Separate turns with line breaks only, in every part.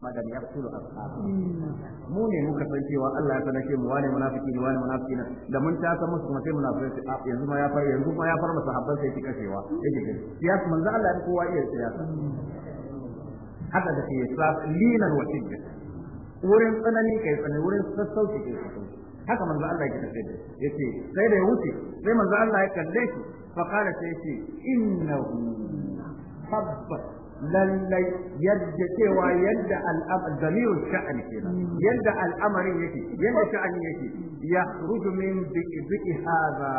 madan ya fito ashabu hmm. mu ne muka san cewa Allah ya sanar mu wani munafiki ne wani munafiki ne da mun san musu kuma sai munafiki a ah, yanzu ma ya far yanzu ma ya far masa habban sai ki kashewa yake gani siyasa manzo Allah ya kowa iya siyasa hmm. haka da siyasa linan wa tijja wurin tsanani kai tsanani wurin sassauci kai sassauci haka manzo Allah ya tafi da yace sai da ya wuce sai manzo Allah ya kalle shi fa kana sai yace innahu hmm. tabbat lallai yadda cewa yadda al'amarin zamirin sha'ani yadda al'amarin yake yadda sha'ani yake يخرج من بئر Wata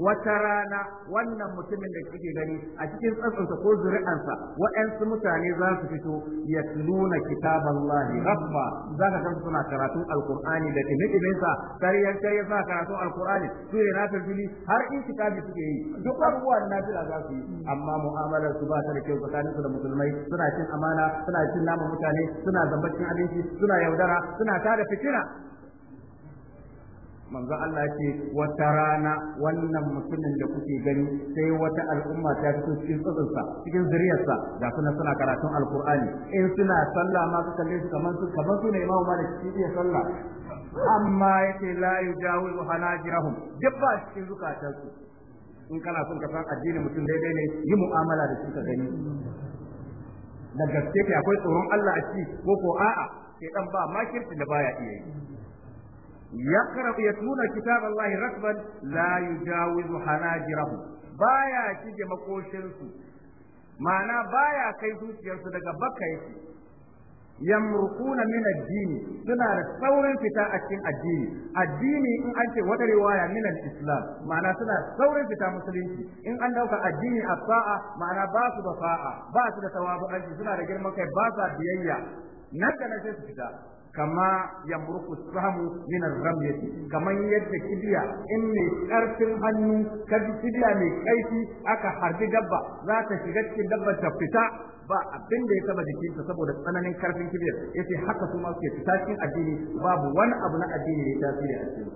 وترانا wannan mutumin da kike gani a cikin tsantsansa ko zuri'ansa waɗansu mutane za su fito ya nuna kitaballahi rabba za ka san suna karatun alqur'ani da tinidimin sa ta kai sa karatun alqur'ani su ne na fili har in kitabi suke yi duk abubuwan na fila za su yi amma mu'amalar su ba ta da kyau tsakaninsu da musulmai suna cin amana suna cin nama mutane suna zambacin abinci suna yaudara suna tada fitina manzo Allah ce wata rana wannan mutumin da kuke gani sai wata al'umma ta fito cikin tsadarsa, cikin zuriyarsa ga suna suna karatun alkur'ani in suna sallah ma su kalle su kamar su kamar su ne imamu malik shi iya sallah amma yake la yujawu hanajirahum duk ba cikin zukatansu in kana son ka san addinin mutum daidai ne yi mu'amala da shi ka gani da gaske akwai tsoron Allah a ciki ko ko a'a sai dan ba makirci da baya iya yi yaqra'u yatuna kitaballahi rakban la yujawizu hanajirahu baya cije makoshin su ma'ana baya kai zuciyarsu daga baka Yan yamruquna min addini suna da saurin fita a cikin addini addini in an ce wata riwaya min islam ma'ana suna saurin fita musulunci in an ɗauka addini as-sa'a ma'ana ba su da fa'a ba su da tawabu suna da girman kai ba biyayya nan da nan sai su fita kama yamruku samu min ar-ramyati kaman yadda kibiya in mai ƙarfin hannu ka kibiya mai kaifi aka harbi dabba za ta shiga cikin dabbar ta fita ba abin da ya taba jikinsa saboda tsananin karfin kibiyar ce haka kuma suke fita addini babu wani abu na addini da ya tasiri a cikin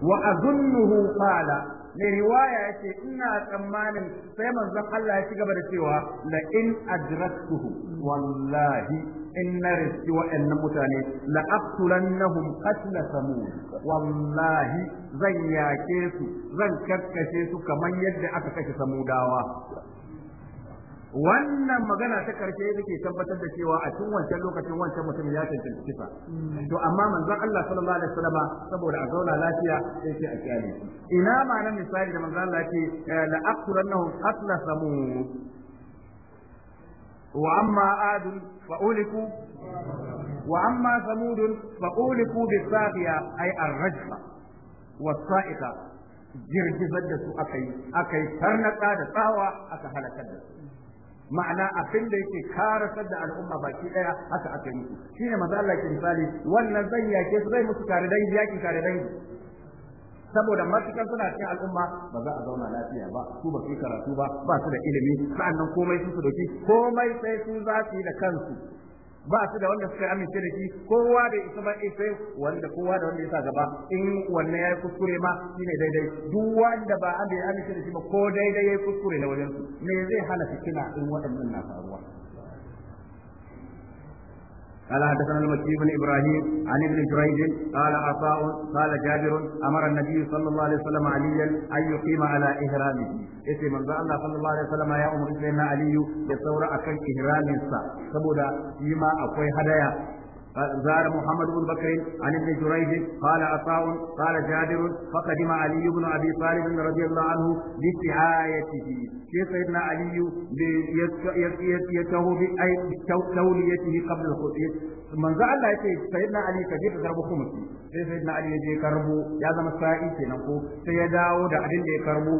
wa azunnuhu qala mai riwaya yace ina tsammanin sai manzon Allah ya ci gaba da cewa la in adraktuhu wallahi inna rizqi wa inna mutane la aqtulannahum qatl samud wallahi zan yake su zan kakkashe su kamar yadda aka kashe samudawa wannan magana ta karshe yake tabbatar da cewa a cikin wancan lokacin wancan mutum ya cancanci kisa to amma manzon Allah sallallahu alaihi wasallama saboda a zauna lafiya sai ce a kiyaye ina ma nan misali da manzon Allah ke eh, la aqturannahum asla samu. wa amma ad fa uliku wa amma samud fa uliku bisaqiya ay ar da su aka yi aka yi da tsawa aka halakar da su ma'ana abin da yake karasar da al'umma baki daya haka aka yi Shi shine manzo Allah ke misali wannan zan yake su zai musu kare dangi yakin kare dangi saboda matukan suna cikin al'umma ba za a zauna lafiya ba su ba su karatu ba ba su da ilimi sa'annan komai su su komai sai su za su yi da kansu ba su da wanda suka amince da shi kowa da isa ba isa eh, wanda kowa da wanda ya sa gaba in wanne ya yi kuskure ma shi ne daidai duk wanda ba bai amince da shi ba ko daidai ya yi kuskure na wajen su me zai hana fitina in waɗannan na faruwa قال حدثنا المكي بن ابراهيم عن ابن جريج قال عطاء قال جابر امر النبي صلى الله عليه وسلم عليا ان يقيم على اهرامه ita da Allah sallallahu alaihi wasallam ya umurce na Aliyu ya saura a akan ihraminsa saboda shi akwai hadaya زار محمد بن بكر عن ابن جريج قال عطاء قال جابر فقدم علي بن ابي طالب رضي الله عنه بسعايته شيخ سيدنا علي يتوه اي توليته قبل الخطيب من زعل الله سيدنا علي كبير ضرب خمسي sai sai na aliyu je karbu ya zama sa'i kenan ko sai ya dawo da abin da ya karbu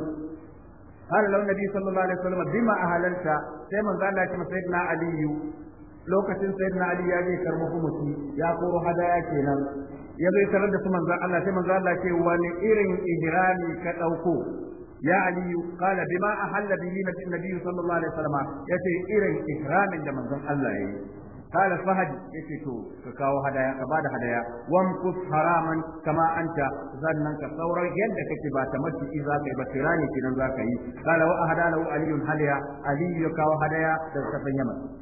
kana lawan nabi sallallahu alaihi wasallam bima ahalanta sai manzo Allah ya ce sai na aliyu lokacin sayyidina ali ya je karbo humusi ya koro hadaya kenan ya zai tarar da su manzon Allah sai manzon Allah ce wani irin ihrami ka dauko ya ali qala bima ahalla bihi nabi sallallahu alaihi wasallam yace irin ihramin da manzon Allah yayi قال فهد يتيتو كاو هدايا كباد هدايا وامكث حراما كما انت ظنن كثورا يد كتي با تمشي اذا كاي بتراني كنن ذاك قال واهدا له علي هدايا علي كاو هدايا ده سفن يمن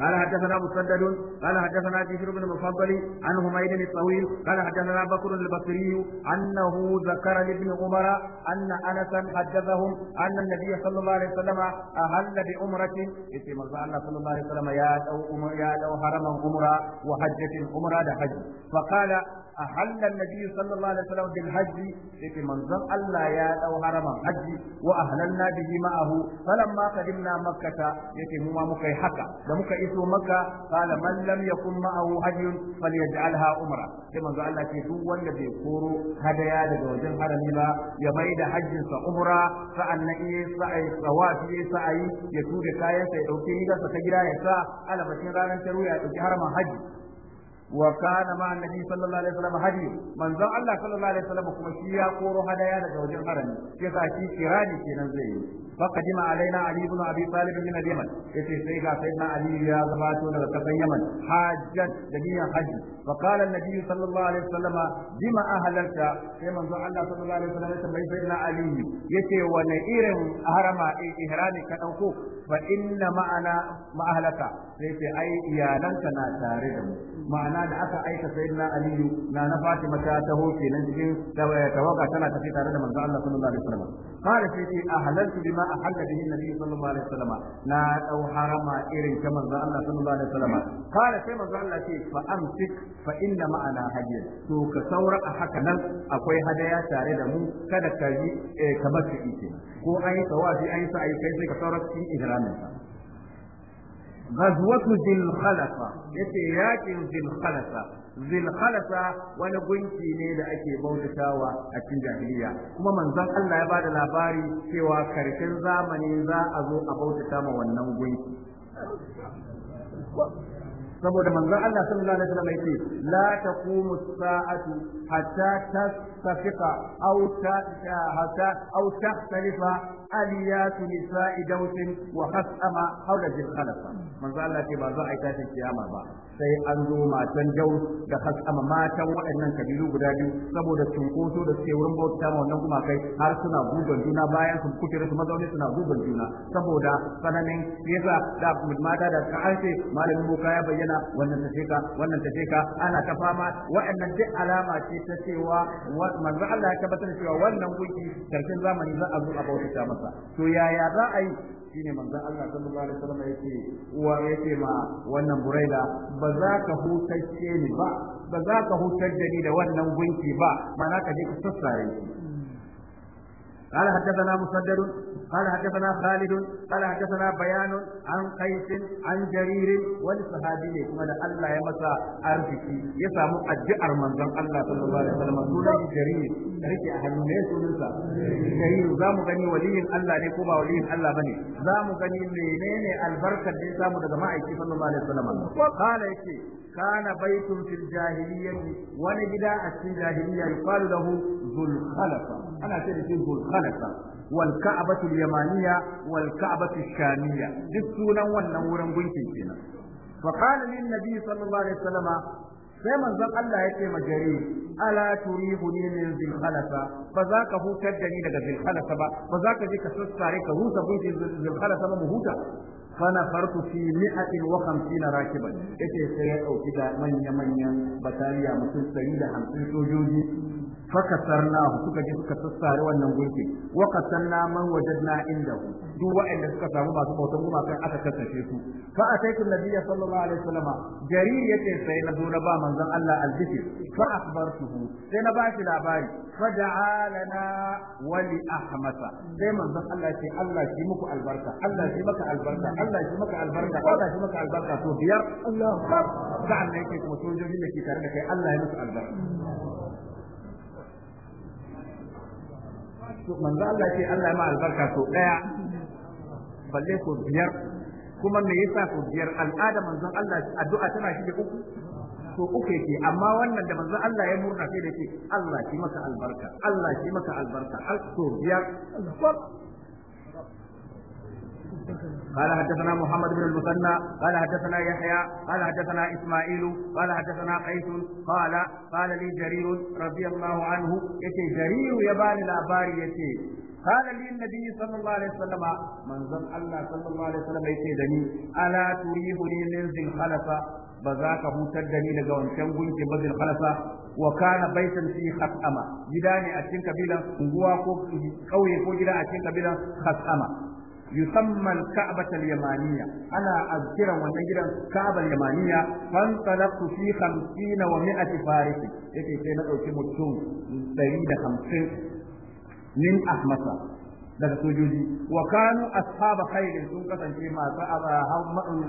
قال حدثنا مسدد قال حدثنا جبير بن المفضل عن حميد الطويل قال حدثنا بكر البصري انه ذكر لابن عمر ان انسا حدثهم ان النبي صلى الله عليه وسلم اهل بعمره يتي الله صلى الله عليه وسلم يا دو يا دو حرم عمره وحجه عمره ده حج فقال a hallar nabi sallallahu alaihi wasallam bil hajji yake manzon Allah ya dau haraman hajji ko wa ahlanna bihi ma'ahu falamma qadimna makkah yake mu ma muka yi haka da muka iso makka fala man lam yakun ma'ahu hajji falyaj'alha umra sai manzon Allah ce duk wanda bai koro hadaya daga wajen harami ba ya bai da hajjin sa umra fa annabi sai sawafi sai ya tuke kayan sai dauke ni ta gida ya sa alabatin ranar taruya ya dauki haraman hajji وكان مع النبي صلى الله عليه وسلم هدي من زم الله صلى الله عليه وسلم كما شي يقول هدايا daga wajen harami sai ka shi kirani kenan zai yi فقدم علينا علي بن ابي طالب من اليمن يتي سي غا سيدنا علي يا زباتو daga kasan Yaman hajjat da niyyar haji فقال النبي صلى الله عليه وسلم بما اهللت sai manzo Allah صلى الله عليه وسلم ya tambayi sayyidina Ali yace wane irin harama ihrami ka dauko fa inna ma'ana ma ahlaka sai ce ai iyalanka na tare da mu ma'ana da aka aika sayyidina aliyu na na fatima ta taho kenan cikin tawaga tana tafi tare da manzo Allah sallallahu alaihi wasallam qala sai ce ahlaltu bima ahalla bihi nabi sallallahu alaihi wasallam na dau harama irin ta manzo Allah sallallahu alaihi wasallam qala sai manzo Allah ce fa amsik fa inna ma'ana hadiyan to ka saura a haka nan akwai hadaya tare da mu kada ka yi kamar eh, ka ko an yi tawafi an yi sa'ai kai sai ka saura cikin ihramin غزوة ذي الخلفة يتي ياكن ذي الخلفة ذي الخلفة وانا قنتي نيدا اكي بودتا واتي جاهلية كما من ذا الله يبعد الاباري سوى za a ذا ازو ابودتا ما wannan gunki. saboda manzon Allah sallallahu alaihi wasallam yace la taqumu as-sa'atu hatta tastafiqa aw ta hatta aw tahtalifa aliyatu nisa'i dawsin wa hasama hawla jil khalafa manzo Allah ce ba za a yi tashin kiyama ba sai an zo matan jau da hasama matan waɗannan kabilu guda biyu saboda cunkoso da suke wurin bauta ma wannan gumakai har suna gugan juna bayan su kuce su mazauni suna gugan juna saboda tsananin yasa da mata da ka an ce malamin boka ya bayyana wannan ta wannan ta ana ta fama waɗannan duk alama ce ta cewa manzo Allah ya tabbatar cewa wannan gunki karshen zamani za a zo a bauta masa to yaya za a yi shine manzon Allah sallallahu alaihi wasallam yake uwa yake ma wannan buraida ba za ka hutacce ni ba ba za ka hutar da ni da wannan gunki ba mana ka je ka sassare shi قال حدثنا مسدد قال حدثنا خالد قال حدثنا بيان عن قيس عن جرير والصحابي كما الله يمسى أرضكي يسامو أجعر من ذن الله صلى الله عليه وسلم سنة جرير ركي أهل نيس ونسى جرير زام غني ولي الله نكوما ولي الله بني زام غني منين البركة دي سامو دمائك صلى الله عليه وسلم وقال يكي kana baitun fil jahiliyyati wani gida a cikin jahiliyya yuqalu lahu zul da shi zul khalafa wal ka'batu al yamaniya wal ka'batu duk sunan wannan wurin gunkin nabi sai manzon Allah ya ce majari ala turibuni min zil ba za ka hutar da ni daga zil ba ba za ka je ka sassare ka huta gunkin zil ba mu huta فنفرت في مئة وخمسين راكبا إتي سيئو كده من يمن ين بطاريا مثل سيدة حمسين سوجودي فكسرناه سكا جي سكا تسار وننبوكي وقسمنا من وجدنا عنده دو وإن سكا سامو ما سكا وتنبو ما كان أتا كسشيسو فأتيت النبي صلى الله عليه وسلم جرير يتي سينا دون با من ذن الله الذكر فأخبرته سينا باش لاباري فدعا لنا ولأحمد سينا من ذن الله يتي الله يتي مكو البركة الله يتي مكو البركة Allah shi maka albarka Allah shi maka albarka to biyar Allah sa'an nan yake kuma sojojin da ke tare da kai Allah ya musu albarka
to manzo Allah ce Allah ya ma albarka to daya
balle ko biyar kuma me yasa ko biyar al'ada manzon Allah addu'a tana shi da uku so uku yake amma wannan da manzon Allah ya murna sai da yake Allah shi maka albarka Allah shi maka albarka al to biyar
قال حدثنا محمد بن المثنى
قال حدثنا يحيى قال حدثنا اسماعيل قال حدثنا قيس قال قال لي جرير رضي الله عنه يتي جرير يبان الاباري يتي قال لي النبي صلى الله عليه وسلم من ظن الله صلى الله عليه وسلم يتي دني الا تريبني من ذي الخلفه بذاك هوتدني daga wancan gunki bazil khalasa wa kana baitan fi khatama gida ne a cikin kabilan unguwa ko kauye ko gida a cikin kabilan khatama يسمى الكعبة اليمانية أنا أذكر ونجرا الكعبة اليمانية فانطلقت في خمسين ومائة فارس يكي سينا أوكي متون سيدة خمسين من أحمسة daga sojoji wa kanu ashaba khairin sun kasance masu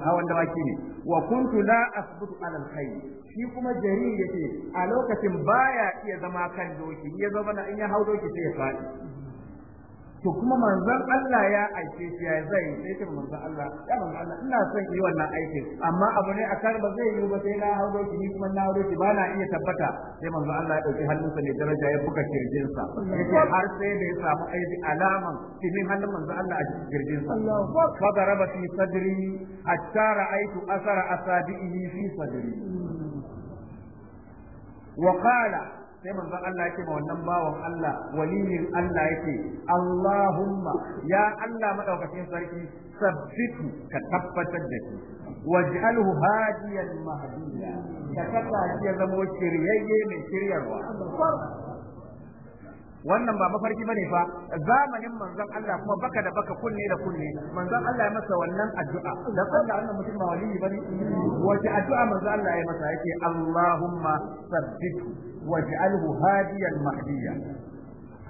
hawan dawaki ne wa kuntu la asbutu ala alkhair shi kuma jariri yake a lokacin baya iya zama kan doki ya zama in ya hau doki sai ya to kuma manzon Allah ya aike shi ya zai sai ta manzon Allah ya manzon Allah ina son yi wannan aiki amma abu ne a kar ba zai yi ba sai na hawo shi ni kuma na hauro shi ba na iya tabbata sai manzon Allah ya dauki hannunsa ne daraja ya buga kirjin sa har sai da ya samu aiki alaman cikin hannun manzon Allah a cikin kirjin sa fa daraba fi sadri hatta ra'aytu asara asabihi fi sadri wa qala sai manzon Allah yake ma wannan bawan Allah waliyin Allah yake Allahumma ya Allah madaukakin sarki sabbitu ka tabbatar da shi waj'alhu hadiyan mahdiya ka kasa shi ya zama shiryayye mai shiryarwa wannan ba mafarki bane fa zamanin manzon Allah kuma baka da baka kunne da kunne manzon Allah ya masa wannan addu'a dan Allah annabi mutum ba wali bane wace addu'a manzon Allah ya masa yake Allahumma sabbit waj'alhu hadiyan mahdiya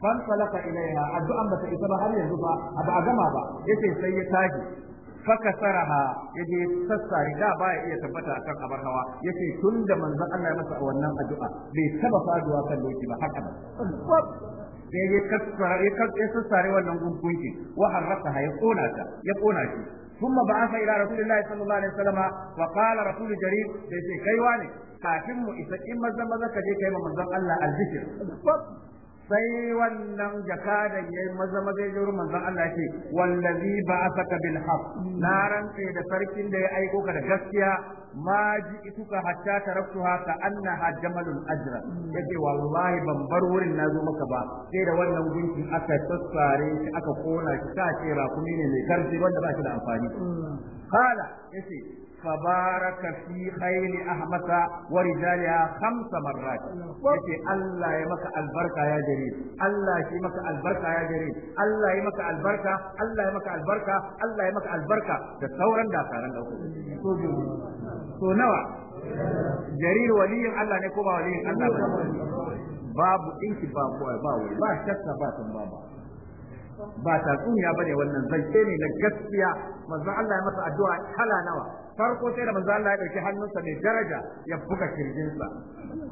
fansalaka ilaiha addu'an bata isa ba har yanzu ba ba gama ba yace sai ya tashi fakasaraha yaje sassare da baya iya tabbata akan abar hawa yace tun da manzon Allah ya masa wannan addu'a bai taba faduwa kan doki ba haka ya kassara wannan gungunki wa harrasa ya kona ta ya kona shi ثم بعث الى رسول الله صلى الله عليه وسلم فقال رسول جرير sai kai wane kafin mu isa in maza maza ka je kai ma manzon Allah albishir sai wannan jaka ya yayi maza maza ya jiro manzon Allah ce wallazi saka bil haf na rantse da sarkin da ya aiko ka da gaskiya ma ji ituka hatta taraktuha ka annaha jamalul ajra yace wallahi ban bar wurin na zo maka ba sai da wannan gunkin aka sassare shi aka kona shi ta ce rakumi ne mai karfi wanda ba shi da amfani kala yace فبارك في خيل أحمد ورجالها خمس مرات يتي الله يمك البركة يا جريد الله يمك البركة يا جريد الله يمك البركة الله يمك البركة الله يمك البركة da sauran dakaran ɗaukar so nawa jarir waliyin Allah ne ko ba waliyin Allah ba babu inki ba ba shakka ba tun ba ba ba tatsuniya ne wannan zance ne na gaskiya manzo Allah ya masa addu'a kala nawa farko sai da manzo Allah ya dauki hannunsa mai daraja ya buga kirjinsa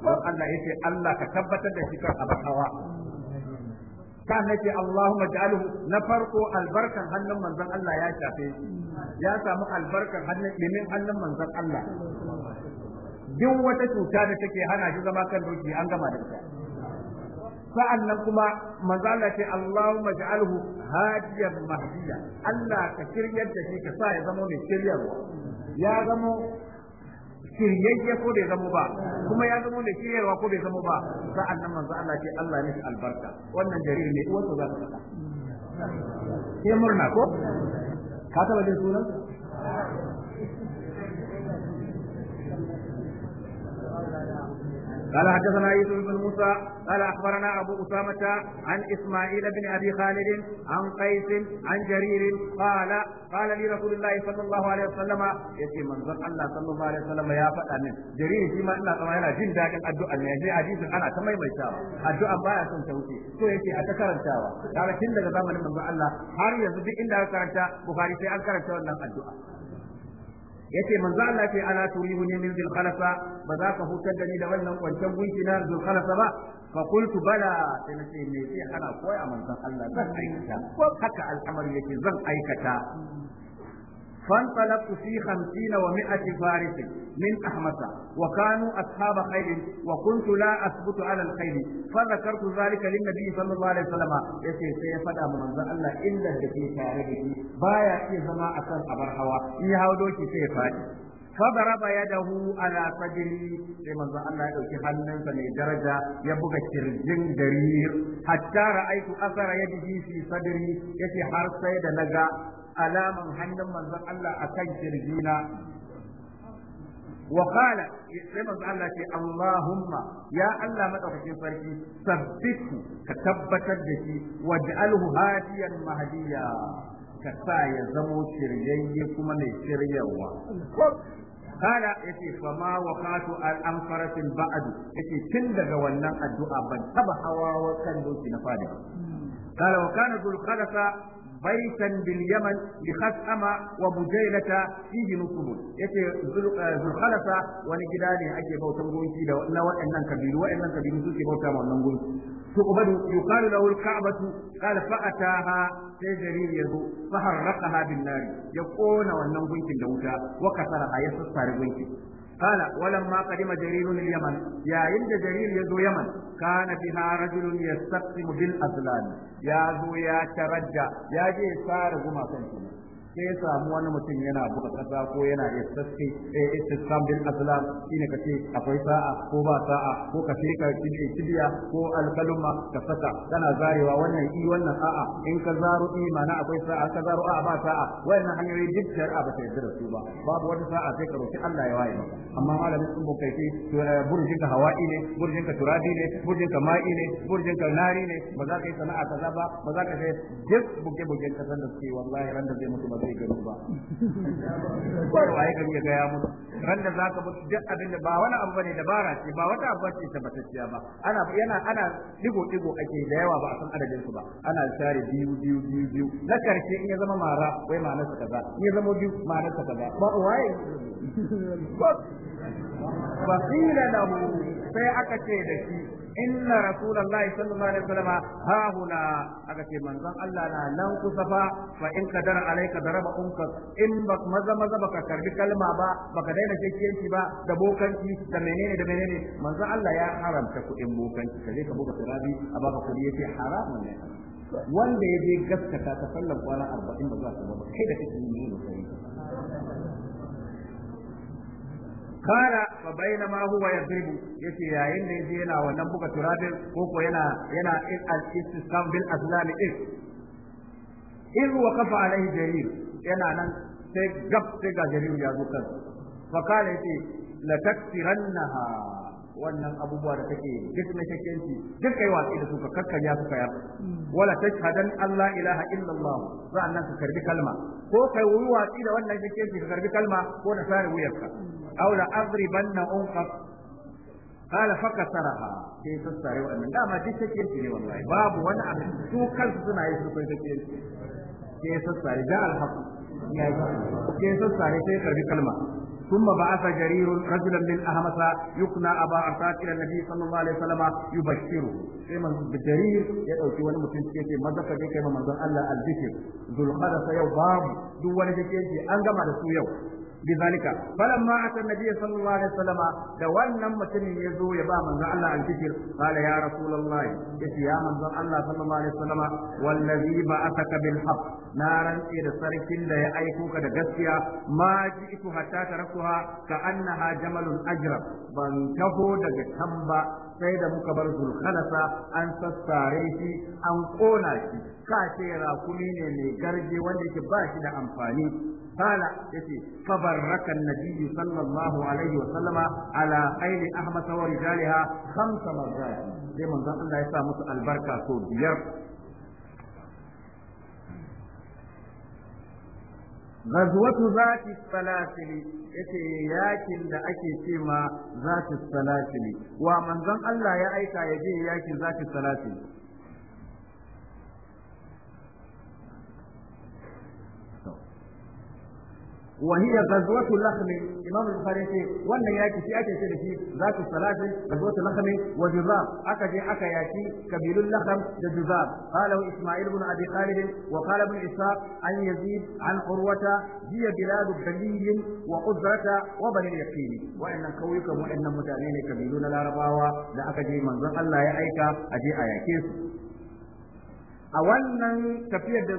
don Allah ya ce Allah ka tabbatar da shi kan abin hawa kan nake Allahumma ja'alhu na farko albarkan hannun manzon Allah ya shafe shi ya samu albarkan hannun dimin hannun manzon Allah duk wata cuta da take hana shi zama kan doki an gama da ita Sa'an nan kuma manzo Allah ce Allahumma ja'alhu hadiyan mahdiya Allah ka kiryar da shi ka sa ya zama mai kiryarwa ya zama shiryayye ko bai zama ba kuma ya zama mai shiryarwa ko bai zama ba sa'an nan manzo Allah ce Allah ya mishi albarka wannan jariri ne uwarsa za ta
faɗa sai murna ko
ka taba jin sunan قال حدثنا يوسف بن
موسى قال
اخبرنا ابو اسامه عن اسماعيل بن ابي خالد عن قيس عن جرير قال قال لي رسول الله صلى الله عليه وسلم يتي منظر الله صلى الله عليه وسلم يا فدا جرير فيما ان كما yana jin daɗin addu'a ne yaje hadisin ana ta maimaitawa addu'a baya son ta wuce so yake a ta karantawa kaga daga zamanin manzon Allah har yanzu duk inda aka karanta Bukhari sai an karanta wannan addu'a yace manzo Allah ce ala turihuni min zil khalasa ba za ka hutar da ni da wannan kwancan gunki na zil khalasa ba fa qultu bala sai nace me sai ana koya manzon Allah zan aikata ko haka al'amari yake zan aikata فانطلقت في خمسين ومائة فارس من أحمس وكانوا أصحاب خير وكنت لا أثبت على الخير فذكرت ذلك للنبي صلى الله عليه وسلم يسي سيفدى من ذا الله إلا الذي تعرفه بايا في زماء أكثر أبرحوا يهودوك سيفادي فضرب يده على صدري sai manzo Allah ya dauki hannunsa mai daraja ya buga kirjin jarir hatta ra'aitu asara yadihi fi sadri yace har sai da naga alaman hannun manzon Allah akan kirjina وقال سيما الله كي اللهم يا الله ما تفكي فرقي ثبته كتبت الدشي واجعله هاديا مهديا كسايا زمو شريي كما شريا قال يتي فما وقعت الأنفرة بعد يتي تندغ ولنا الدعاء بل تبحوا وكان دوتي نفادي قال وكان ذو الخلفة بيتا باليمن لخثأم وبجيلة فيه نصب يتي ذو الخلفة ونجداني أكي بوتا مغنشي لأن وإنن كبير وإنن كبير سوكي بوتا مغنشي تقبل يقال له الكعبة قال فأتاها جرير يده فحرقها بالنار يقول ونن غنشي لوتا وكسرها يسسر غنشي قال ولما قدم جرير اليمن يا عند جرير يزو يمن كان بها رجل يستقسم بالأزلام يا زو يا ترجى يا جي صار غما sai ya samu wani mutum yana buga kasa ko yana istaske eh istisqam bil azlam shine ce akwai sa'a ko ba sa'a ko ka sheka kike kibiya ko alkaluma ka saka kana zarewa wannan i wannan a'a in ka zaro i mana akwai sa'a ka zaro a'a ba sa'a wannan hanyoyi duk shari'a ba ta yarda da su ba babu wata sa'a sai ka roki Allah ya waye maka amma malamin sun bukai to eh, burjin ka hawa'i ne burjin ka turabi ne burjin ka ma'i ne burjin ka nari ne ba za ka yi sana'a kaza ba ba za ka yi duk buge-bugen kasan da suke wallahi ran da zai mutu ba zai gano ba
kowa ya gani
ya gaya musu ran da zaka mutu duk abin da ba wani abu bane dabara ce ba wata abu ce tabbatacciya ba ana yana ana digo digo ake da yawa ba a san adadin su ba ana share biyu biyu biyu biyu na karshe in ya zama mara wai ma'anar sa kaza in ya zama biyu ma'anar sa kaza ba waye ba qila lahu sai aka ce da shi inna rasulullahi sallallahu alaihi wasallam ha huna aka ce manzon Allah na nan kusa fa fa in kadar alayka daraba umka in ba maza maza baka karbi kalma ba baka daina shekiyanci ba da bokanci da menene da menene manzon Allah ya haramta kuɗin bokanci kaje ka buga turabi a baka kuɗi yace haramun ne wanda ya je gaskata ta sallan kwana arba'in ba za su ba kai da kake yi ne kala fa ma huwa yadribu yace yayin da je yana wannan buga turafin, ko ko yana yana al-istisqam bil azlam din in waqafa alaihi jarir yana nan sai gab sai ga jarir ya zo kan fa kala yace la taktirannaha wannan abubuwa da take duk na shakkenci duk kai watsi da su ka kakkarya su kaya wala tashhadan Allah ilaha illallah sa'annan ka karbi kalma ko kai wuyi watsi da wannan shakkenci ka karbi kalma ko na sare wuyarka aw la adribanna unqab qala fakasaraha sai ta sare wannan dama duk shakkenci ne wallahi babu wani abu su kansu suna yi su kai shakkenci sai ta sare da alhaq ya yi sai ta sare sai karbi kalma ثم بعث جرير رجلا من أهمسة يقنى أبا أرسات إلى النبي صلى الله عليه وسلم يبشره كما جرير يأتي وانا مسلم سيكي ماذا كده كما منظر الله البشر ذو القدس يو باب دو وانا سيكي أنجم على سو يو بذلك فلما أتى النبي صلى الله عليه وسلم دوانا متن يزو يبا من ذا الله الكثير قال يا رسول الله يا من ذا الله صلى الله عليه وسلم والذي بعثك بالحق نارا إلى سرك لا يأيكوك دقسيا ما جئت حتى تركها كأنها جمل أجرب بان تهو دقسنبا سيد مكبر ذو الخلصة أن تستاريشي أن قوناشي كاتيرا kona لقرجي وليك باشد أنفاني قال يتي فبرك النبي صلى الله عليه وسلم على خيل أحمس ورجالها خمس مرات sai manzon Allah ya sa musu albarka so biyar غزوة ذات السلاسل yace yakin da ake ce ma zati salasili wa manzon Allah ya aika ya je yakin zati salasili Wahiyar hiya ghazwatu lakhm imam al-bukhari wannan yaki shi ake ce da shi zatu salati ghazwatu lakhm wa juzab aka je aka yaki kabilul lakhm da juzab qala isma'il ibn abi khalid wa qala ibn ishaq an yazid an urwata hiya bilad dalil wa uzrata wa bani yaqini wa innan kauyukan wa'annan mutane ne kabilu na larabawa da aka je manzon Allah ya aika a je a yake su a wannan tafiyar da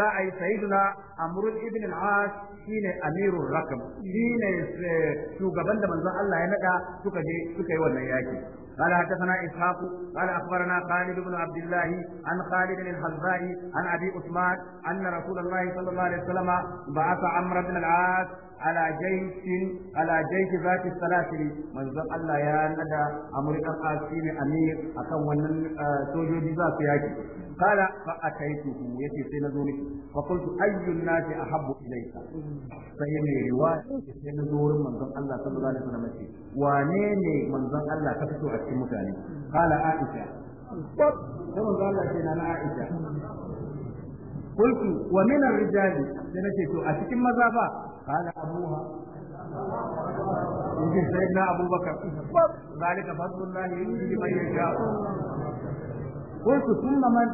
za a yi sayiduna amrul ibn al-as shine amirul rakam shine shugaban da manzon Allah ya nada suka je suka yi wannan yaki قال حدثنا اسحاق قال اخبرنا خالد بن عبد الله عن خالد الحذاء عن ابي عثمان ان رسول الله صلى الله عليه وسلم بعث عمرو بن العاص ala jaisin ala jaisi zati salatiri manzon Allah ya nada amurkan asini amir akan wannan sojoji za su yaki kala fa ataituhu yace sai na zo miki fa qultu ayyun nasi ahabbu ilayka sai mai riwaya sai na zo wurin manzon Allah sallallahu alaihi wasallam ce wane ne manzon Allah ka fito a cikin mutane kala aisha sai manzon Allah ce na aisha قلت ومن الرجال سنتي تو اتكن مزافا قال أبوها
يجي سيدنا
أبو بكر ذلك فضل الله يؤتيه من يشاء قلت ثم من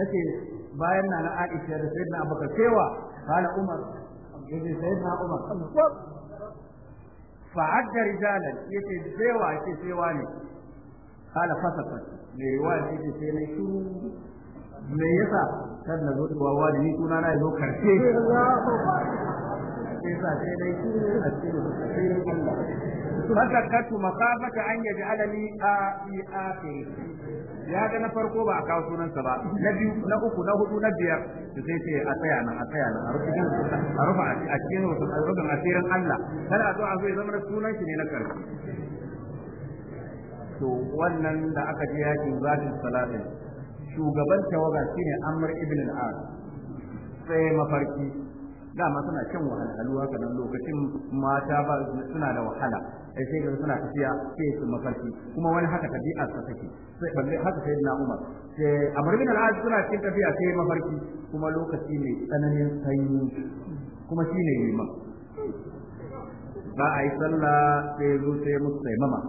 نتي bayan na Aisha da Sayyidina Abubakar cewa kana Umar yace Sayyidina Umar fa adda rijalan yace cewa yace cewa ne kana fasafat ne riwaya yace sai ne shuru me yasa kan na zo da wawa ne suna na zo karshe sai sa sai
dai shi ne asirin asirin Allah fasakkatu
makafata an yaj'alani a fi ya ga na farko ba a kawo sunansa ba na biyu na uku na hudu na biyar da sai ce a tsaya nan a tsaya nan a rufa a cikin rubin asirin Allah kada a zo a zo ya zama sunan shi ne na karshe to wannan da aka je yakin zatin salatin shugaban tawaga shine Amr ibn al-As sai mafarki
dama suna shan wahalhalu haka nan lokacin mata ba suna da wahala a sai suna tafiya sai su mafarki kuma wani haka tabi'a sa take sai balle haka sai
na Umar sai Amr bin al-As suna cikin tafiya sai mafarki kuma lokaci ne tsananin sanyi kuma shine ma. ba a yi sallah sai zo sai musu taimama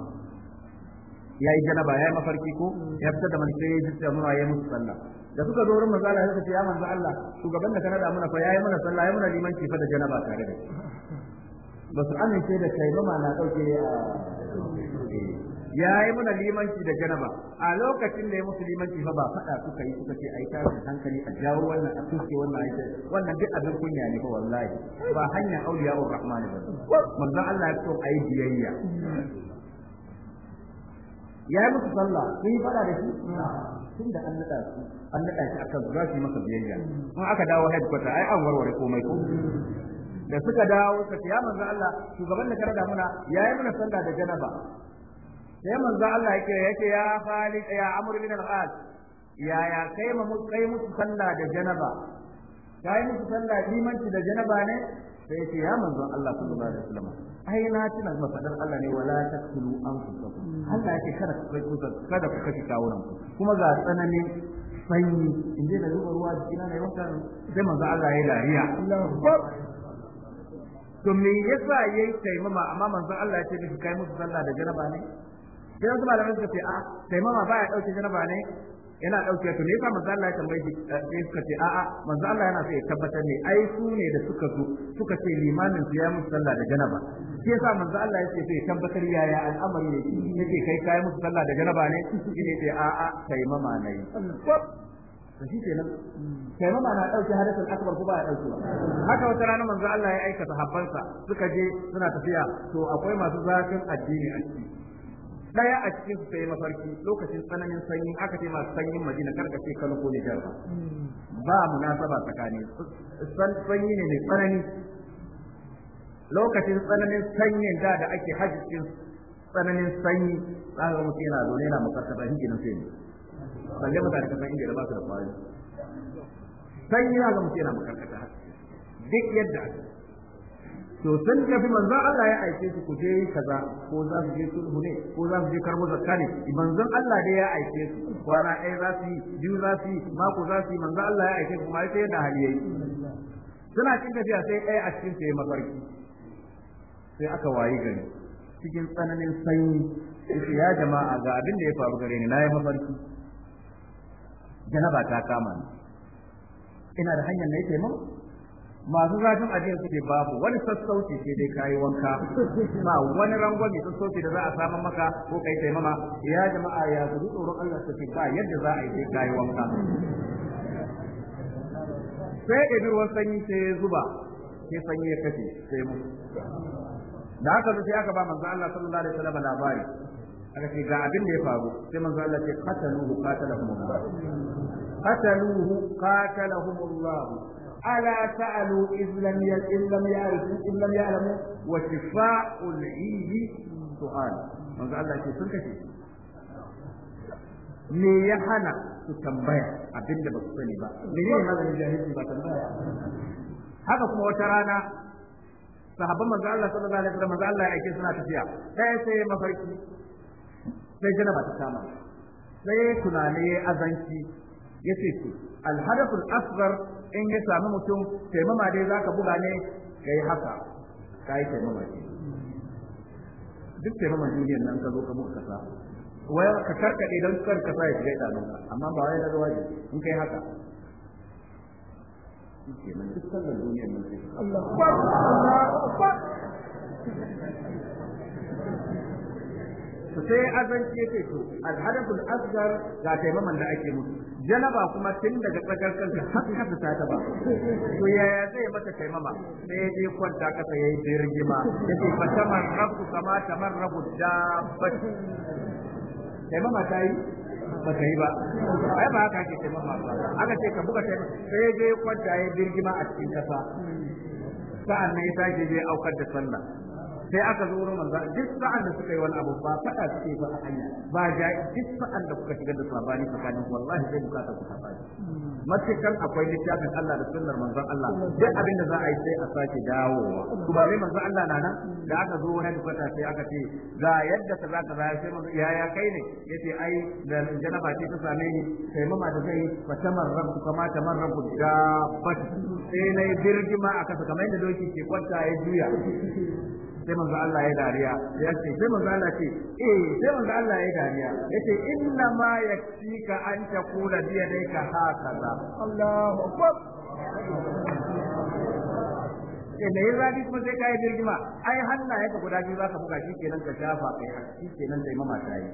ya yi janaba ya yi mafarki ko ya fitar da mani sai ya ji mura ya musu sallah da suka zo wurin manzo Allah suka ce ya manzo Allah shugaban da kana da muna fa yayi mana sallah yayi mana limanci fa da janaba tare da ba su amince da kai ba na dauke ya yi mana limanci da janaba a lokacin da ya musu limanci fa ba faɗa suka yi suka ce a yi tashin hankali a jawo wannan a tuske wannan aiki wannan duk abin kunya ne fa wallahi ba hanyar auliya rahman ba manzo Allah ya so a yi biyayya ya yi musu sallah sun yi faɗa da shi tun da an naɗa su an naɗa shi akan za su masa biyayya in aka dawo headquarter ai an warware komai ko da suka dawo suka ce ya manzo Allah shugaban da ka rada muna yayi muna sallah da janaba sai manzo Allah yake yake ya fali ya amr bin al-as ya ya kai mu kai musu sallah da janaba kai musu sallah limanci da janaba ne sai yace ya manzo Allah sallallahu alaihi wasallam ai na tuna ma fadar Allah ne wala taqtulu anfusakum Allah yake kada ku kai kusa kada ku kashe kawunan kuma ga tsananin sanyi in je na zuba ruwa jikina na yi wanka sai manzo Allah ya dariya to me yasa ya yi taimama amma manzo Allah ya ce miki kai musu sallah da janaba ne sai wasu malamai suka ce a taimama ba baya dauke janaba ne yana dauke to ne yasa manzo Allah ya tambaye shi eh, sai suka ce a'a manzo Allah yana so ya tabbatar ne ai su ne da suka zo suka ce limamin su ya musu sallah da janaba shi yasa manzo Allah ya ce sai tabbatar yaya al'amari ne yake kai kai musu sallah da janaba ne shi ne sai a'a kai mama ne da shi nan kai ma na dauke hadisin akbar ko ba ya dauke haka wata rana manzo Allah ya aika sahabbansa suka je suna tafiya to akwai masu zafin addini a ciki daya a cikin sai mafarki lokacin tsananin sanyi aka ce masu sanyin madina karka ce kano ko nijar ba ba saba tsakani sanyi ne mai tsanani lokacin tsananin sanyin da da ake haji cikin tsananin sanyi zaka mutu yana zaune yana makarkata hinkin sai
ne balle mutane kasan
inda da ba su da kwari sanyi zaka mutu yana makarkata duk yadda to sun tafi manzon Allah ya aike su ku je kaza ko za su je sulhu ne ko za su je karbo zakka ne manzon Allah dai ya aike su kwana ɗaya za su yi biyu za su yi mako za su yi manzon Allah ya aike su kuma sai da hali yayi suna cikin tafiya sai ɗaya a cikin sai mafarki sai aka wayi gari cikin tsananin sanyi sai ya jama'a ga abin da ya faru gare ni na yi mafarki janaba ta kama ni ina da hanyar na yi taimako masu zafin ajiyar suke babu wani sassauci sai dai kayi wanka ba wani rangwami sassauci da za a samu maka ko kai taimama ya jama'a ya zuru tsoron Allah su ba yadda za a yi sai kayi wanka sai ɗabi ruwan sanyi sai ya zuba sai sanyi ya kace sai mu da haka sai aka ba manzo Allah sallallahu alaihi wasallam labari aka ce ga abin da ya faru sai manzo Allah ce qataluhu qatalahum Allah qataluhu ألا سألوا إذ لم إن لم يعرفوا إن لم يعلموا وشفاء العيد سؤال من قال لك سنك شيء me ya hana su tambaya abinda ba su sani ba me ne hana ne jahilci manzo Allah sallallahu alaihi wasallam manzo Allah yake suna tafiya sai sai mafarki sai jana ba ta sama sai tunani azanci yace to alhadathul asghar in ya sami mutum taimama dai zaka buga ne kai haka kai taimama ne. duk taimaman duniyar nan ka zo ka buga kasa waya ka karkade don kar kasa ya shiga ka amma ba wai da zuwa in kai haka
sai Allah
akbar ce to alhadathul asghar ga taimaman da ake mutu. janaba kuma tun daga tsakar kanka har kasa ta ta ba to yaya zai mata taimama sai ya kwanta kasa yayi birgima yace fa tamarrabu kama rabu dabbat taimama ta yi ba ta yi ba ai ba haka ake taimama ba aka ce ka buga taimama sai dai kwanta yayi birgima a cikin kasa sa'an nan ya sake je aukar da sallah sai aka zo wurin manzo duk sa'an da suka yi wani abu ba faɗa suke ba a hanya ba ja duk sa'an da kuka shigar da sabani tsakanin wallahi sai bukata ku sabani matukan akwai littafin Allah da sunnar manzon Allah duk abin da za a yi sai a sake dawowa kuma dai manzon Allah na nan da aka zo wani dukata sai aka ce ga yadda ka za ka za sai ya ya kai ne yace ai da janaba ce ta same ni sai mama da zai fa tamarrabu kama tamarrabu da bat sai nayi birgima aka mai da doki ke kwanta ya juya sai manzo Allah ya dariya ya ce sai manzo Allah ce eh sai manzo Allah ya dariya yace inna ma yakfika an taqula hakaza Allahu akbar sai da zafi kuma sai kai birgima ai hannaye ka guda biyu zaka buga shi kenan ka shafa kai shi kenan sai mama ta yi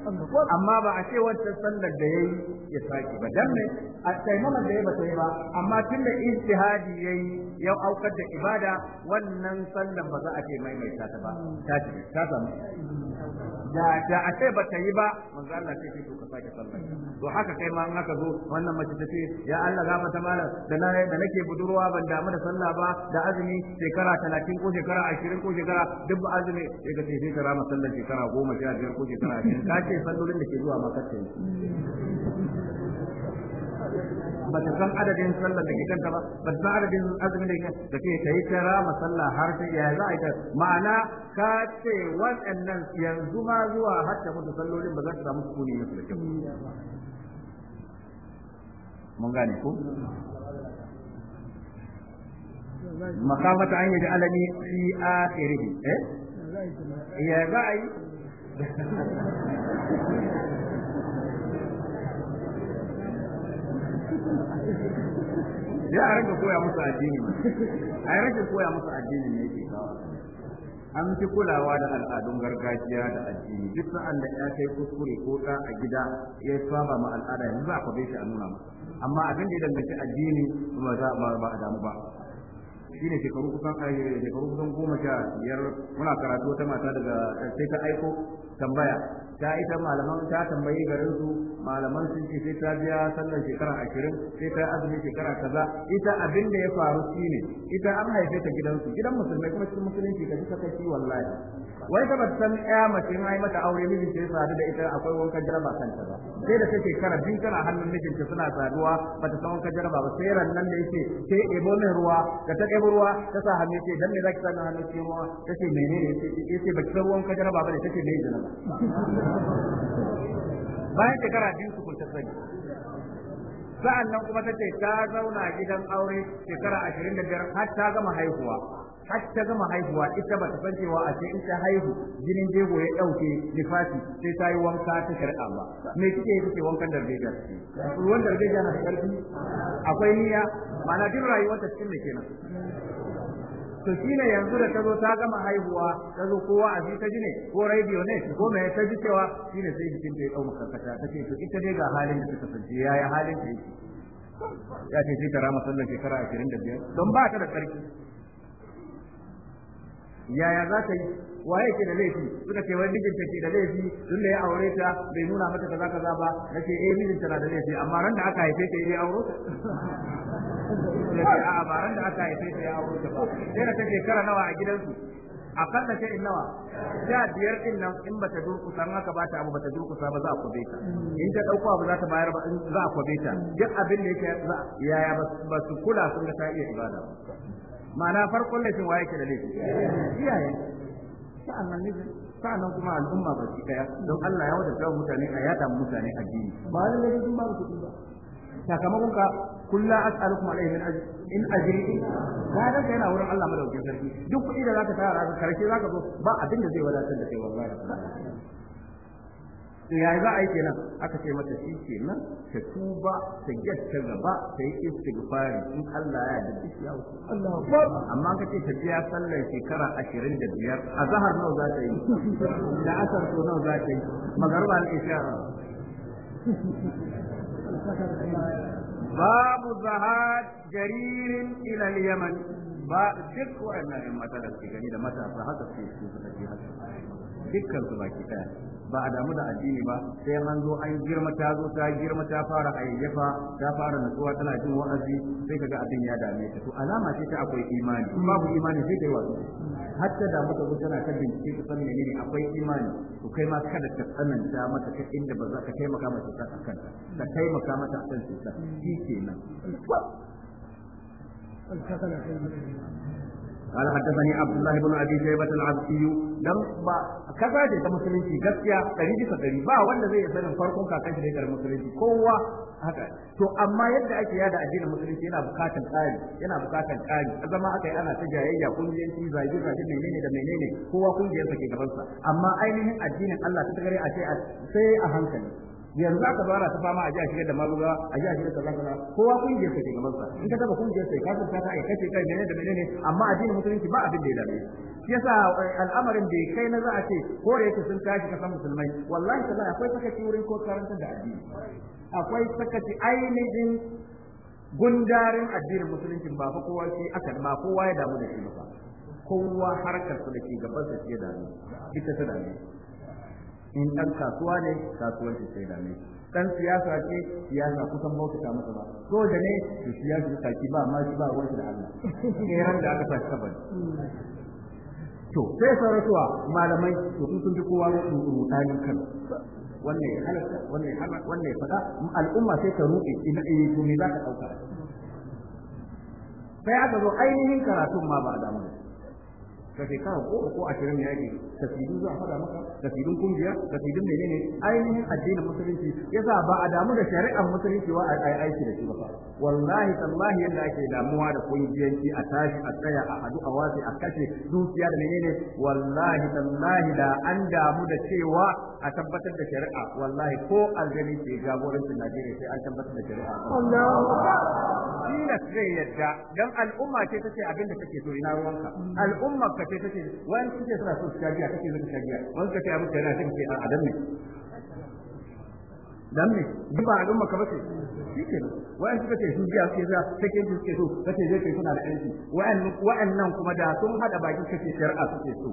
amma ba a ce wata sallar da yayi ya saki ba dan ne a sai mama da yayi ba sai ba amma tunda istihadi yayi ya aukar da ibada wannan sallar ba za a ce maimaita ta ba ta ta samu da da a ce bata yi ba manzo Allah sai to ka sake sallah to haka kai ma in aka zo wannan mace ta ce ya Allah ga mata malam da na da nake budurwa ban damu da sallah ba da azumi shekara 30 ko shekara 20 ko shekara duk ba azumi sai ka ce sai ka rama sallar shekara 10 sha biyar ko shekara 20 ka ce sallolin da ke zuwa ma kace ba ta san adadin sallar da ke kanta ba ba ta san adadin azumin da ke da ke kai ta rama sallah har ta ya za a yi ma'ana ka ce waɗannan yanzu ma zuwa har ta mutu sallolin ba za ta samu sukuni na sulkin mun gane ku makama an yi da alami fi akhirih eh ya za a yi ya a rage koya musu addini ma a rage koya musu addini ne yake kawo an fi kulawa da al'adun gargajiya da addini duk sa'an da ya kai kuskure ko ɗa a gida ya saba ma al'ada yanzu za a kwabe shi a nuna masa amma abin da ya danganci addini ba za ba a damu ba shine shekaru kusan eh, shekaru kusan goma sha biyar muna karatu wata mata daga eh, sai ta aiko tambaya ta ita malaman ta tambayi garin su malaman sun ce sai ta biya sallar shekara ashirin sai ta azumi shekara kaza ita abin da ya faru shine ita an haife ta gidansu gidan musulmai kuma cikin musulunci ka ji ka kai wallahi wai ta bata san ya mace mai ai mata aure mijin ta sadu da ita akwai wanka jaraba kanta ba sai da take kana biyu tana hannun mijin ta suna saduwa bata san wanka jaraba ba sai ran nan da yake sai ebo min ruwa da ta ɗebo ruwa ta sa hannu ce dan me zaki sa hannun ce ruwa take menene yace bata san wanka jaraba ba ne tace me jaraba bayan shekara biyu su kun ta sani sa'an nan kuma ce ta zauna gidan aure shekara ashirin da biyar har ta gama haihuwa har ta gama haihuwa ita ba ta san cewa a ce in ta haihu jinin jego ya ɗauke nifasi sai ta yi wanka ta shari'a ba me kike yi wankan darbeja ruwan darbeja na da akwai niyya ma'ana duk rayuwar ta cikin ke kenan to shi ne yanzu da zo ta gama haihuwa zo kowa a ji ta ji ne ko radio ne ko me ta ji cewa shi ne sai jikin ta ya dau makarkata ta ce to ita dai ga halin da ta ya yi halin da yake ya ce sai ta rama sallan shekara biyar don ba ta da tsarki yaya za ta yi waye ke da laifi suka ce wani mijinta ke da laifi tun da ya aure ta bai nuna mata kaza kaza ba nace eh mijinta na da laifi amma ran da aka haife ta yi aure a'a ba ran da aka haife ta ya aure ta ba sai da ta shekara nawa a gidansu akalla sai nawa sha biyar din nan in bata durkusa in aka bata abu bata durkusa ba za a kwabe ta in ta dauko abu za ta bayar ba in za a kwabe ta duk abin da yake yaya ba su kula sun ga ta iya ibada ma'ana farkon laifin waye ke da laifi iyaye sa'annan laifin sa'annan kuma al'umma ba su kaya don Allah ya wadata mutane a yada mutane addini ba lalle sun ba su kuɗi ba sakamakon ka kullu as'alukum alayhi min ajr in ajri ladan ka yana wurin Allah madaukakin sarki duk kuɗi da zaka tara ka karshe zaka zo ba abin da zai wadatar da kai wallahi to yayi za a yi kenan aka ce mata shi kenan ta tuba ta gaskata gaba ta yi istighfari in Allah ya yarda shi ya wuce Allahu akbar amma ka ce ta biya sallar shekara 25 a zahar nawa za ta yi da asar to nawa za ta yi magarba al-isha باب ذهاب جرير الى اليمن با دك وانا متى دك جرير متى فهذا في سوره في هذا دك الباقي ba a damu da addini ba sai an zo an girma ta zo ta girma ta fara ayyafa ta fara nutsuwa tana jin wa'azi sai kaga abin ya dame ta to alama ce ta akwai imani babu imani sai kai wasu hatta da muka zo tana kan bincike ta san menene akwai imani to kai ma kada ka tsananta mata ka inda ba za ka taimaka mata ta akan ka taimaka
mata akan cuta
shi kenan قال حدثني عبد الله بن ابي شيبه العبدي دم با كذا دي ta musulunci gaskiya dari bisa dari ba wanda zai sani farkon kakan shi da musulunci kowa haka to amma yadda ake yada addinin musulunci yana bukatan tsari yana bukatar tsari zama aka yi ana ta jayayya kungiyanci zagi zagi menene da menene kowa kungiyar ke gaban sa amma ainihin addinin Allah ta gare a ce sai a hankali yanzu aka zauna ta fama a ji a shigar da maruga a ji a shigar da kaza kaza kowa kun je ke gaban sa in ka taba je sa ka san ta kai kace kai menene da menene amma addinin musulunci ba abin da ya dame shi yasa eh, al'amarin da kai na za a ce ko da yake sun tashi san musulmai wallahi kaza akwai sakaci wurin ko karanta da addini akwai sakaci ainihin gundarin addinin musulunci ba fa kowa ke aka ba kowa ya damu da shi ba kowa harkar su da ke gaban sa ke dame ita ta in dan kasuwa ne kasuwanci sai da ne dan siyasa ce siyasa kusan bauta ta masa ba so da ne su siyasa ta saki ba ma shi ba wani da Allah ne ran da aka saki kabari to sai saratuwa malamai to sun sun fi kowa rudani kan wannan ya halatta wannan ya halatta wannan ya fada al'umma sai ta ruɗe ina eh to me za ka dauka sai aka zo ainihin karatun ma ba a damu da ka shekara ko ko ashirin ne ake tafidin zuwa fada maka tafidin kungiya tafidin ne ainihin addinin musulunci yasa ba a damu da shari'ar musulunci wa a aiki da shi ba wallahi tallahi yanda ake damuwa da kungiyanci a tashi a tsaya a hadu a wasi a kashe dukiya da menene wallahi tallahi da an damu da cewa a tabbatar da shari'a wallahi ko aljani ke jagorancin Najeriya sai an tabbatar
da shari'a tilas
zai yadda dan al'umma ce take abin da take so ina ruwanka al'umma ka ce take wani kike suna so su shagiya kake zaka ya wani kace abin da yana cin ce a adam ne dan ne duk ba al'umma ka bace shike wani kike ce shi ya suke za take ji suke so kace zai kai kuna da yanci wa'an wa'annan kuma da sun hada baki kake shar'a kake so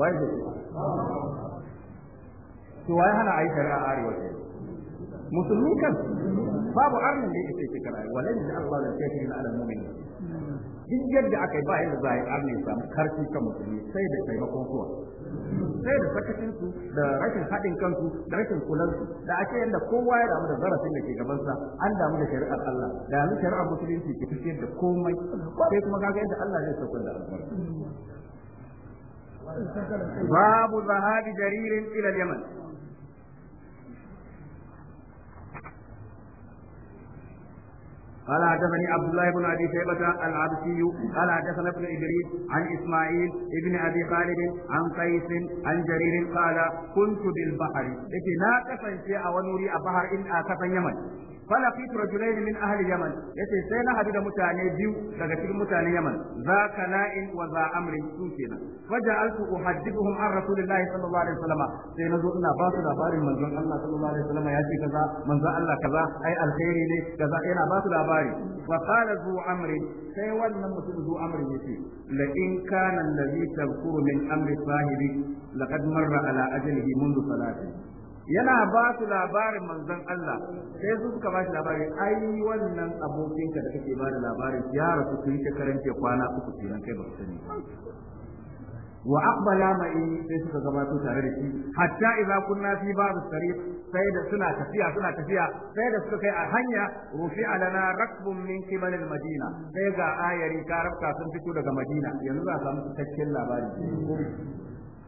wai to wai hana ayi shari'a arewa ce musulmi kan babu arnin da yake ke karayi wallahi da Allah da yake cikin alal mu'minin duk yadda aka yi ba yadda za a yi arnin samu karfi kan musulmi sai da taimakon suwa sai da sakacin su da rashin haɗin kansu da rashin kulan su da ake yadda kowa ya damu da zarafin da ke gaban sa an damu da shari'ar Allah da yanzu shari'ar musulunci ke tafiyar da komai sai kuma kaga yadda Allah
zai saukar da al'umma. babu
zahabi jaririn ila yaman قال حدثني عبد الله بن ابي شيبه العبسي قال حدثنا ابن ادريس عن اسماعيل ابن ابي خالد عن قيس عن جرير قال كنت بالبحر لكن لا تفنسي او نوري البحر ان اتفن يمن falaqitu rajulayn min ahli yaman yace sai na hadu da mutane biyu daga cikin mutanen yaman za ka kana'in wa za amrin su kenan faja'altu uhaddibuhum an rasulillahi sallallahu alaihi wasallam sai nazo ina ba su labarin manzon Allah sallallahu alaihi wasallam ya ce kaza manzon Allah kaza ai alkhairi ne kaza yana ba su labari wa qala zu amrin sai wannan mutum zu amrin yace la in kana allazi tadhkuru min amri sahibi laqad marra ala ajlihi منذ صلاته yana ba su labarin manzon Allah sai su suka ba shi labarin ai wannan abokinka da kake ba da labarin ya rasu kun ta karance kwana uku kenan kai ba ku sani wa aqbala ma'i sai suka gabato tare da shi hatta idza kunna fi ba'd sarif sai da suna tafiya suna tafiya sai da suka kai a hanya rufi alana rakbun min qibal madina sai ga ayari karabta sun fito daga madina yanzu za samu cikakken labari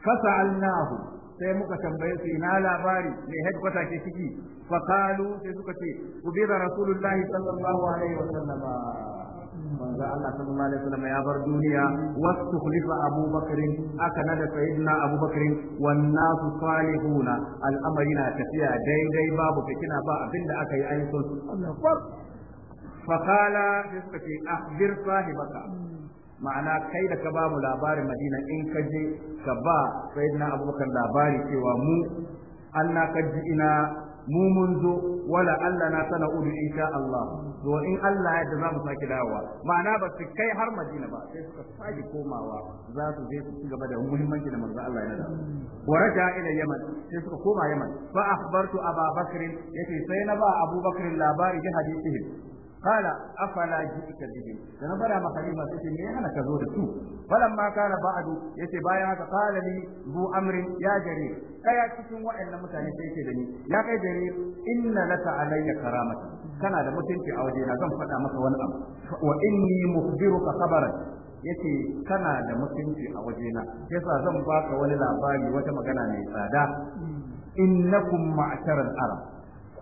fasa'alnahu sai muka tambaye su ina labari me headquarter ke ciki fa sai suka ce ubira rasulullahi sallallahu alaihi wa sallama manzo Allah sallallahu alaihi wasallam ya bar duniya wasu khulifa Abu Bakr aka nada sayyidina Abu Bakr wan nasu salihuna al'amari na tafiya daidai babu fitina ba abinda aka yi ayyukan Allahu akbar fa qala sai suka ce akhbir sahibaka ma'ana kai da ka ba mu labarin madina in ka je ka ba na abubakar labari cewa mu an na kaji ina mu mun zo wala Allah na sana udu in sha Allah to in Allah ya za mu saki dawowa ma'ana ba su kai har Madina ba sai suka saki komawa za su je su gaba da muhimmanci da manzo Allah ya da wa raja ila Yaman sai suka koma Yaman fa akhbartu Abu Bakr yace sai na ba Abu Bakr labari da hadisihi قال افلا جئت بهم انا بلا ما خليفه سيتي مي انا كزو دسو فلما كان بعد يتي بايا قال لي ذو امر يا جرير kaya cikin waɗannan mutane sai yake da ni ya kai dare inna laka alayya karamata kana da mutunci a wajena zan faɗa maka wani abu wa inni mukhbiruka khabaran yace kana da mutunci a wajena yasa zan baka wani labari wata magana mai tsada innakum ma'sharal arab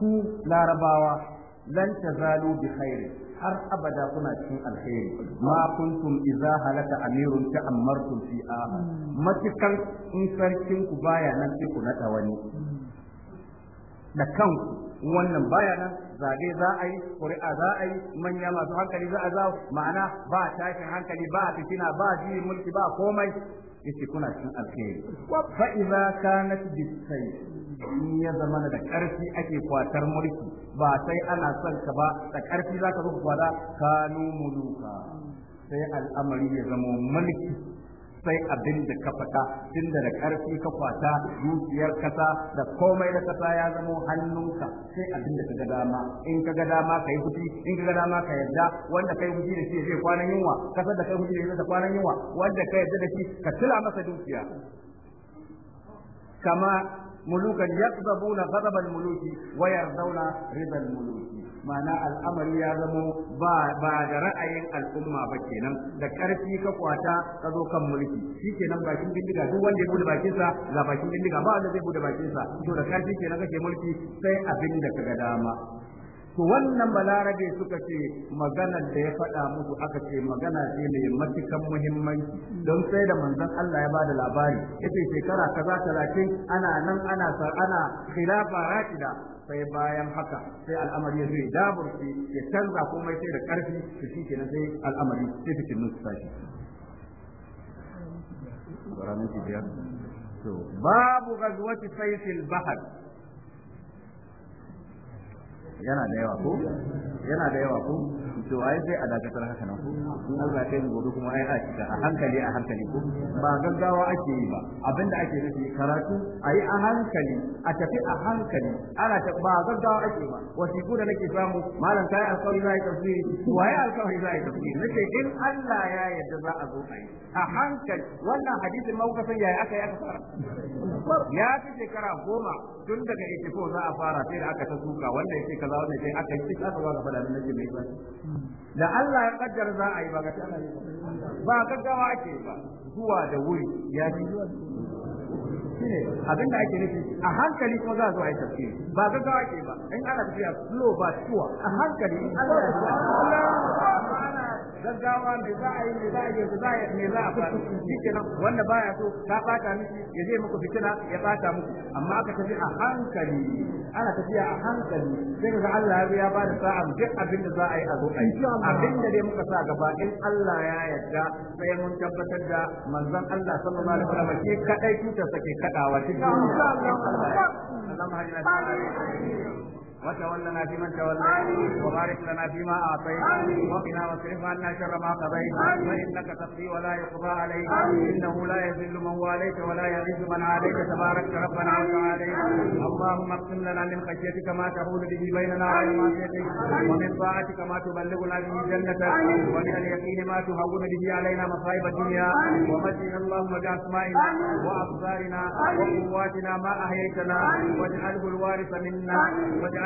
ku larabawa lan tazalu bi khairin har abada kuna cikin alheri ma kuntum idza halaka amirun ta'ammartum fi aha matukan in sarkin ku baya nan sai ku nada wani da kanku wannan baya nan zabe za a yi ƙuri'a za a yi manya masu hankali za a za ma'ana ba tashin hankali ba fitina ba jiyin mulki ba komai yace kuna cikin alheri fa idza kanat bisayf in ya zama da karfi ake kwatar mulki ba sai ana son ka ba da karfi ka zo gwada kanu muluka sai al'amari ya zama mulki sai abin da ka fata tun da karfi ka kwata dukiyar kasa da komai da kasa ya zama hannunka sai abin da ka ga dama in ka ga dama ka yi kuɗi in ka ga dama ka yarda wanda kai kuɗi da shi zai kwanan yunwa kasar da kai kuɗi da shi zai kwanan yunwa wanda ka yarda da shi ka tila masa dukiya kama mulukan yaqzabuna غضب الملوك muluki رضا الملوك rida ma'ana al'amari ya zamo ba da ra'ayin al'umma ba kenan da karfi ka kwata ka zo kan mulki shi kenan bakin bindiga duk wanda ya bude bakin sa ga bakin bindiga ba wanda zai bude bakin sa to da karfi kenan kake mulki sai abin da ka ga dama to wannan balarabe suka ce maganar da ya faɗa musu aka ce magana ce mai matukan muhimmanci don sai da manzon Allah ya bada labari yace shekara kaza talatin ana nan ana ana khilafa rashida sai bayan haka sai al'amari ya zo ya ya canza komai sai da karfi su shi kenan sai al'amari sai fitin su sashi babu gazwati sayfil bahar yana da yawa ko yana da yawa ko to ai sai a dakatar haka nan ko in Allah kai mu gobe kuma ai a cika a hankali a hankali ko ba gaggawa ake yi ba abinda ake nufi karatu ai a hankali a tafi a hankali ana ta ba gaggawa ake ba wasiku da nake samu malam kai alƙawari zai tafsiri waye alƙawari zai tafsiri nake in Allah ya yarda za a zo a yi a hankali wannan hadisin mawkafin yayi aka yi aka fara ya fi shekara goma tun daga ikifo za a fara sai da aka ta suka wanda yake kaza wannan kai aka yi duk aka nake mai da Allah ya kaddara za a yi ba ga ba gaggawa ake ba zuwa da wuri ya ji shine abin da ake nufi a hankali kuma za a zo a yi tafsiri ba gaggawa ke ba in ana tafiya slow ba sure a hankali in Allah ya sa gaggawa me za a yi me za a yi za a me za a faru shikenan wanda baya so ta bata miki ya je muku fitina ya bata muku amma aka tafi a hankali ana tafiya a hankali sai ga Allah ya bada sa'a duk abin da za a yi a zo ai abin da dai muka sa gaba in Allah ya yarda sai mun tabbatar da manzon Allah sallallahu alaihi wasallam shi kadai tuta sake kaɗawa cikin وتولنا فيمن توليت وبارك لنا فيما اعطيت وقنا واصرف عنا شر ما قضيت فانك تقضي ولا يقضى عليك انه لا يذل من واليت ولا يعز من عليك تبارك ربنا وتعالى اللهم اقسم لنا من خشيتك ما تحول به بيننا وبين معصيتك ومن طاعتك ما تبلغنا به جنتك ومن اليقين ما تهون به علينا مصائب الدنيا ومجدنا اللهم باسمائنا وابصارنا وقواتنا ما احييتنا واجعله الوارث منا واجعله